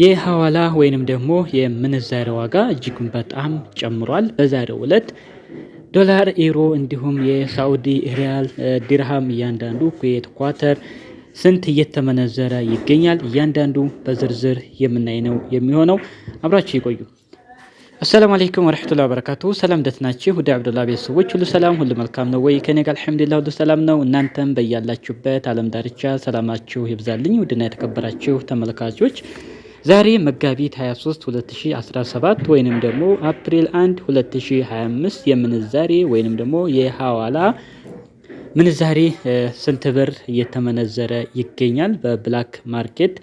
የሐዋላ ወይንም ደግሞ የምንዛሪ ዋጋ እጅጉን በጣም ጨምሯል። በዛሬው ዕለት ዶላር፣ ኢሮ እንዲሁም የሳዑዲ ሪያል፣ ዲርሃም እያንዳንዱ ኩዌት፣ ኳተር ስንት እየተመነዘረ ይገኛል? እያንዳንዱ በዝርዝር የምናይ ነው የሚሆነው። አብራችሁ ይቆዩ። አሰላሙ አለይኩም ወረሕመቱላሂ ወበረካቱ። ሰላም ደት ናችሁ? ወደ አብዱላ ቤተሰቦች ሁሉ ሰላም ሁሉ መልካም ነው ወይ? ከኔ ጋር አልሐምዱሊላህ ሁሉ ሰላም ነው። እናንተም በያላችሁበት አለም ዳርቻ ሰላማችሁ ይብዛልኝ። ውድና የተከበራችሁ ተመልካቾች ዛሬ መጋቢት 23 2017 ወይንም ደግሞ አፕሪል 1 2025 የምንዛሬ ወይንም ደግሞ የሐዋላ ምንዛሬ ስንት ብር እየተመነዘረ ይገኛል በብላክ ማርኬት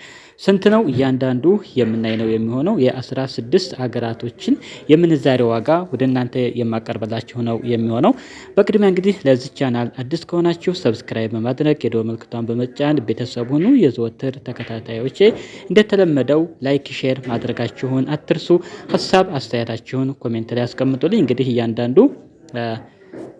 ስንት ነው? እያንዳንዱ የምናይ ነው የሚሆነው የአስራ ስድስት ሀገራቶችን የምንዛሬ ዋጋ ወደ እናንተ የማቀርበላችሁ ነው የሚሆነው። በቅድሚያ እንግዲህ ለዚህ ቻናል አዲስ ከሆናችሁ ሰብስክራይብ በማድረግ የደወል ምልክቷን በመጫን ቤተሰብ ሁኑ። የዘወትር ተከታታዮቼ እንደተለመደው ላይክ፣ ሼር ማድረጋችሁን አትርሱ። ሀሳብ አስተያየታችሁን ኮሜንት ላይ አስቀምጡልኝ። እንግዲህ እያንዳንዱ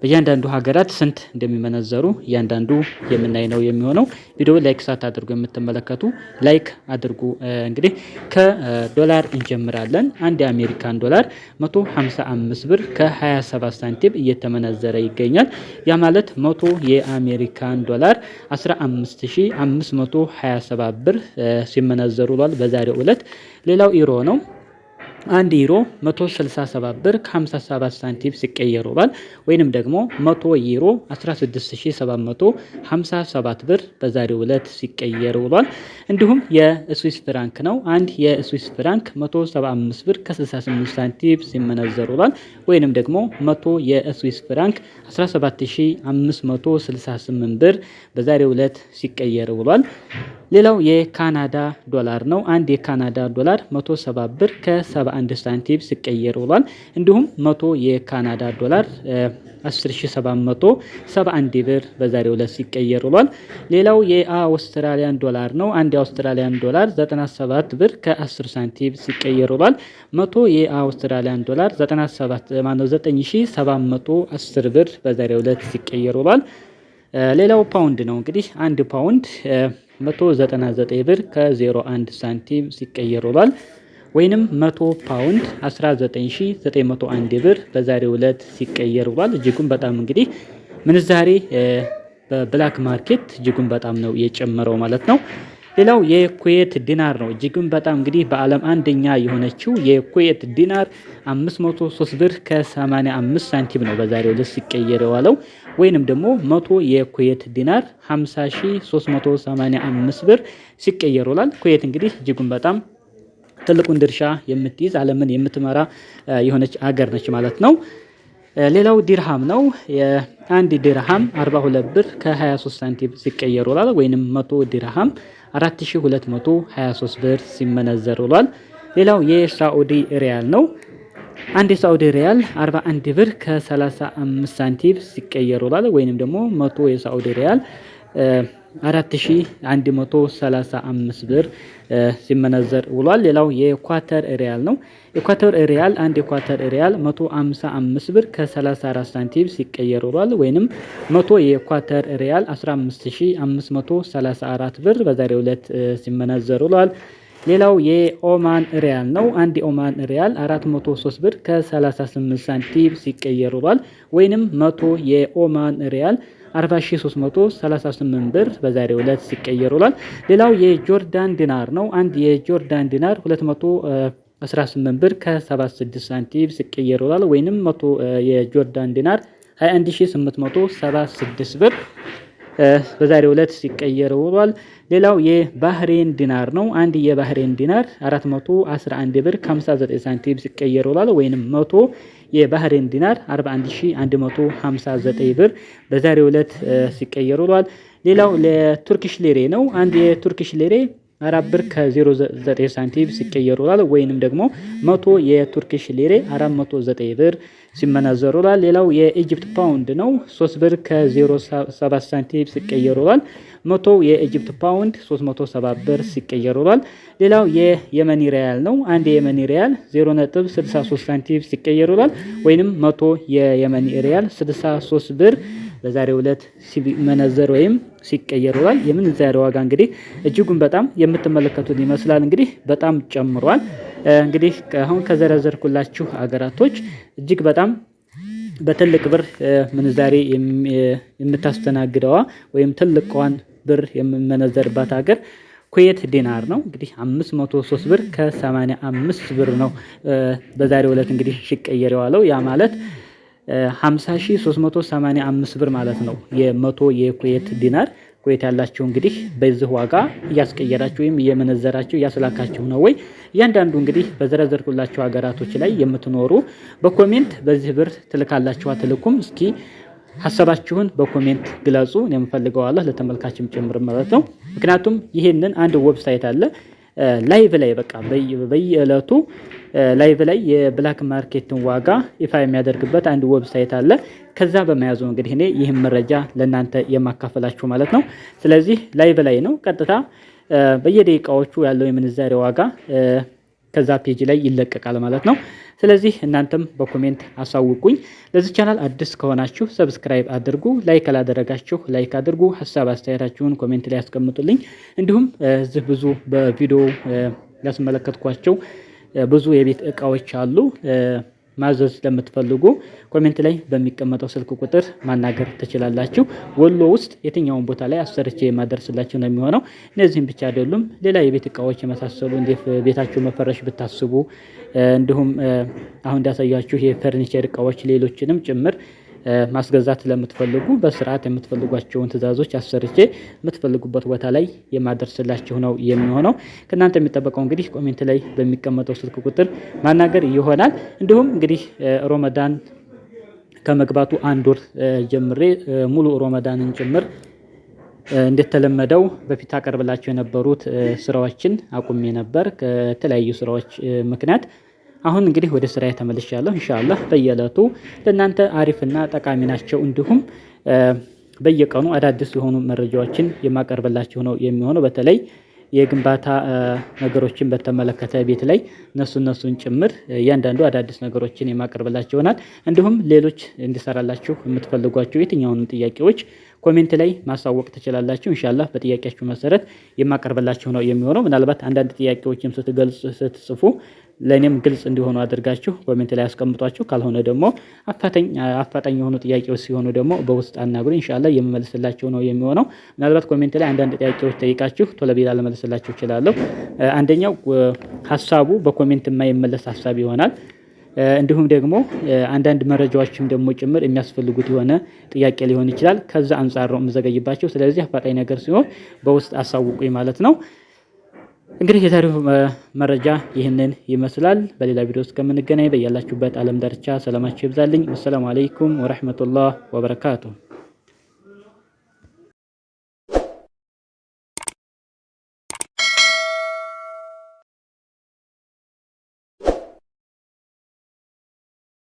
በእያንዳንዱ ሀገራት ስንት እንደሚመነዘሩ እያንዳንዱ የምናይ ነው የሚሆነው። ቪዲዮ ላይክ ሳት አድርጎ የምትመለከቱ ላይክ አድርጉ። እንግዲህ ከዶላር እንጀምራለን። አንድ የአሜሪካን ዶላር 155 ብር ከ27 ሳንቲም እየተመነዘረ ይገኛል። ያ ማለት 100 የአሜሪካን ዶላር 15527 ብር ሲመነዘሩ ውሏል በዛሬው ዕለት። ሌላው ኢሮ ነው። አንድ ዩሮ 167 ብር ከ57 ሳንቲም ሲቀየር ውሏል። ወይንም ደግሞ 100 ዩሮ 16757 ብር በዛሬው ዕለት ሲቀየር ውሏል። እንዲሁም የስዊስ ፍራንክ ነው። አንድ የስዊስ ፍራንክ 175 ብር ከ68 ሳንቲም ሲመነዘር ውሏል። ወይንም ደግሞ 100 የስዊስ ፍራንክ 17568 ብር በዛሬው ዕለት ሲቀየር ውሏል። ሌላው የካናዳ ዶላር ነው። አንድ የካናዳ ዶላር 170 ብር ከ71 ሳንቲም ሲቀየር ውሏል። እንዲሁም 100 የካናዳ ዶላር 10771 ብር በዛሬው ዕለት ሲቀየር ውሏል። ሌላው የአውስትራሊያን ዶላር ነው። አንድ የአውስትራሊያን ዶላር 97 ብር ከ10 ሳንቲም ሲቀየር ውሏል። 100 የአውስትራሊያን ዶላር 97 9710 ብር በዛሬው ዕለት ሲቀየር ውሏል። ሌላው ፓውንድ ነው። እንግዲህ አንድ ፓውንድ 199 ብር ከ01 ሳንቲም ሲቀየር ውሏል። ወይንም 100 ፓውንድ 19901 ብር በዛሬው ዕለት ሲቀየር ውሏል። እጅጉን በጣም እንግዲህ ምንዛሬ በብላክ ማርኬት እጅጉን በጣም ነው የጨመረው ማለት ነው። ሌላው የኩዌት ዲናር ነው። እጅግም በጣም እንግዲህ በዓለም አንደኛ የሆነችው የኩዌት ዲናር 503 ብር ከ85 ሳንቲም ነው በዛሬው ዕለት ሲቀየር የዋለው ወይንም ደግሞ 100 የኩዌት ዲናር 50385 ብር ሲቀየር ላል ኩዌት እንግዲህ እጅጉን በጣም ትልቁን ድርሻ የምትይዝ ዓለምን የምትመራ የሆነች አገር ነች ማለት ነው። ሌላው ዲርሃም ነው። የአንድ ዲርሃም 42 ብር ከ23 ሳንቲም ሲቀየር ውሏል። ወይንም 100 ዲርሃም 4223 ብር ሲመነዘር ውሏል። ሌላው የሳዑዲ ሪያል ነው። አንድ የሳዑዲ ሪያል 41 ብር ከ35 ሳንቲም ሲቀየር ውሏል። ወይንም ደግሞ 100 የሳዑዲ ሪያል 4135 ብር ሲመነዘር ውሏል። ሌላው የኳተር ሪያል ነው። የኳተር ሪያል አንድ የኳተር ሪያል 155 ብር ከ34 ሳንቲም ሲቀየር ውሏል። ወይንም 100 የኳተር ሪያል 15534 ብር በዛሬ ዕለት ሲመነዘር ውሏል። ሌላው የኦማን ሪያል ነው። አንድ የኦማን ሪያል 403 ብር ከ38 ሳንቲም ሲቀየር ውሏል። ወይንም 100 የኦማን ሪያል 40338 ብር በዛሬ ዕለት ሲቀየር ውሏል። ሌላው የጆርዳን ዲናር ነው። አንድ የጆርዳን ዲናር 18 ብር ከ76 ሳንቲም ሲቀየር ውሏል። ወይንም መቶ የጆርዳን ዲናር 21876 ብር በዛሬው ዕለት ሲቀየር ውሏል። ሌላው የባህሬን ዲናር ነው። አንድ የባህሬን ዲናር 411 ብር ከ59 ሳንቲም ሲቀየር ውሏል። ወይንም 100 የባህሬን ዲናር 41159 ብር በዛሬው ዕለት ሲቀየር ውሏል። ሌላው ለቱርኪሽ ሌሬ ነው። አንድ የቱርኪሽ ሌሬ አራት ብር ከ09 ሳንቲም ሲቀየር ውሏል። ወይንም ደግሞ መቶ የቱርኪሽ ሌሬ 409 ብር ሲመናዘር ውሏል። ሌላው የኢጅፕት ፓውንድ ነው 3 ብር ከ07 ሳንቲም ሲቀየር ውሏል። መቶ የኢጅፕት ፓውንድ 370 ብር ሲቀየር ውሏል። ሌላው የየመኒ ሪያል ነው። አንድ የየመኒ ሪያል 0.63 ሳንቲም ሲቀየር ውሏል። ወይንም መቶ የየመኒ ሪያል 63 ብር በዛሬው ዕለት ሲመነዘር ወይም ሲቀየር ውሏል። የምንዛሬ ዋጋ እንግዲህ እጅጉን በጣም የምትመለከቱት ይመስላል። እንግዲህ በጣም ጨምሯል። እንግዲህ አሁን ከዘረዘርኩላችሁ አገራቶች እጅግ በጣም በትልቅ ብር ምንዛሬ የምታስተናግደዋ ወይም ትልቋን ብር የምመነዘርባት ሀገር ኩዌት ዲናር ነው። እንግዲህ 503 ብር ከ85 ብር ነው በዛሬው ዕለት እንግዲህ ሲቀየር የዋለው ያ ማለት 50385 ብር ማለት ነው። የመቶ የኩዌት ዲናር ኩዌት ያላችሁ እንግዲህ በዚህ ዋጋ እያስቀየራችሁ ወይም እየመነዘራችሁ እያስላካችሁ ነው ወይ? እያንዳንዱ እንግዲህ በዘረዘርኩላችሁ ሀገራቶች ላይ የምትኖሩ በኮሜንት በዚህ ብር ትልካላችሁ አትልኩም? እስኪ ሀሳባችሁን በኮሜንት ግለጹ። የምፈልገው አላህ ለተመልካችም ጭምር ማለት ነው። ምክንያቱም ይሄንን አንድ ዌብሳይት አለ ላይቭ ላይ በቃ በየዕለቱ ላይቭ ላይ የብላክ ማርኬትን ዋጋ ይፋ የሚያደርግበት አንድ ዌብሳይት አለ። ከዛ በመያዙ እንግዲህ እኔ ይህም መረጃ ለእናንተ የማካፈላችሁ ማለት ነው። ስለዚህ ላይቭ ላይ ነው ቀጥታ በየደቂቃዎቹ ያለው የምንዛሬ ዋጋ ከዛ ፔጅ ላይ ይለቀቃል ማለት ነው። ስለዚህ እናንተም በኮሜንት አሳውቁኝ። ለዚህ ቻናል አዲስ ከሆናችሁ ሰብስክራይብ አድርጉ። ላይክ አላደረጋችሁ ላይክ አድርጉ። ሀሳብ አስተያየታችሁን ኮሜንት ላይ ያስቀምጡልኝ። እንዲሁም እዚህ ብዙ በቪዲዮ ያስመለከትኳቸው ብዙ የቤት እቃዎች አሉ። ማዘዝ ስለምትፈልጉ ኮሜንት ላይ በሚቀመጠው ስልክ ቁጥር ማናገር ትችላላችሁ። ወሎ ውስጥ የትኛውን ቦታ ላይ አሰርቼ የማደርስላችሁ ነው የሚሆነው። እነዚህም ብቻ አይደሉም፣ ሌላ የቤት እቃዎች የመሳሰሉ እንዴት ቤታችሁ መፈረሽ ብታስቡ፣ እንዲሁም አሁን እንዳሳያችሁ የፈርኒቸር እቃዎች ሌሎችንም ጭምር ማስገዛት ስለምትፈልጉ በስርዓት የምትፈልጓቸውን ትዕዛዞች አሰርቼ የምትፈልጉበት ቦታ ላይ የማደርስላችሁ ነው የሚሆነው። ከእናንተ የሚጠበቀው እንግዲህ ኮሜንት ላይ በሚቀመጠው ስልክ ቁጥር ማናገር ይሆናል። እንዲሁም እንግዲህ ሮመዳን ከመግባቱ አንድ ወር ጀምሬ ሙሉ ሮመዳንን ጭምር እንደተለመደው በፊት አቀርብላቸው የነበሩት ስራዎችን አቁሜ ነበር ከተለያዩ ስራዎች ምክንያት አሁን እንግዲህ ወደ ስራ ተመልሻለሁ። እንሻላ በየዕለቱ ለእናንተ አሪፍና ጠቃሚ ናቸው እንዲሁም በየቀኑ አዳዲስ የሆኑ መረጃዎችን የማቀርብላችሁ ነው የሚሆነው በተለይ የግንባታ ነገሮችን በተመለከተ ቤት ላይ እነሱ እነሱን ጭምር እያንዳንዱ አዳዲስ ነገሮችን የማቀርብላችሁ ይሆናል። እንዲሁም ሌሎች እንዲሰራላችሁ የምትፈልጓቸው የትኛውንም ጥያቄዎች ኮሜንት ላይ ማሳወቅ ትችላላችሁ። እንሻላ በጥያቄያችሁ መሰረት የማቀርብላችሁ ነው የሚሆነው። ምናልባት አንዳንድ ጥያቄዎችም ስትገልጽ ስትጽፉ ለእኔም ግልጽ እንዲሆኑ አድርጋችሁ ኮሜንት ላይ ያስቀምጧችሁ። ካልሆነ ደግሞ አፋጣኝ የሆኑ ጥያቄዎች ሲሆኑ ደግሞ በውስጥ አናግሩ ኢንሻላህ የምመልስላቸው ነው የሚሆነው። ምናልባት ኮሜንት ላይ አንዳንድ ጥያቄዎች ጠይቃችሁ ቶሎ ብዬ ላልመልስላችሁ እችላለሁ። አንደኛው ሀሳቡ በኮሜንት የማይመለስ ሀሳብ ይሆናል። እንዲሁም ደግሞ አንዳንድ መረጃዎችም ደግሞ ጭምር የሚያስፈልጉት የሆነ ጥያቄ ሊሆን ይችላል። ከዛ አንጻር ነው የምዘገይባቸው። ስለዚህ አፋጣኝ ነገር ሲሆን በውስጥ አሳውቁኝ ማለት ነው። እንግዲህ የዛሬው መረጃ ይህንን ይመስላል። በሌላ ቪዲዮ እስከምንገናኝ በያላችሁበት ዓለም ዳርቻ ሰላማችሁ ይብዛልኝ። ወሰላሙ አለይኩም ወረህመቱላህ ወበረካቱ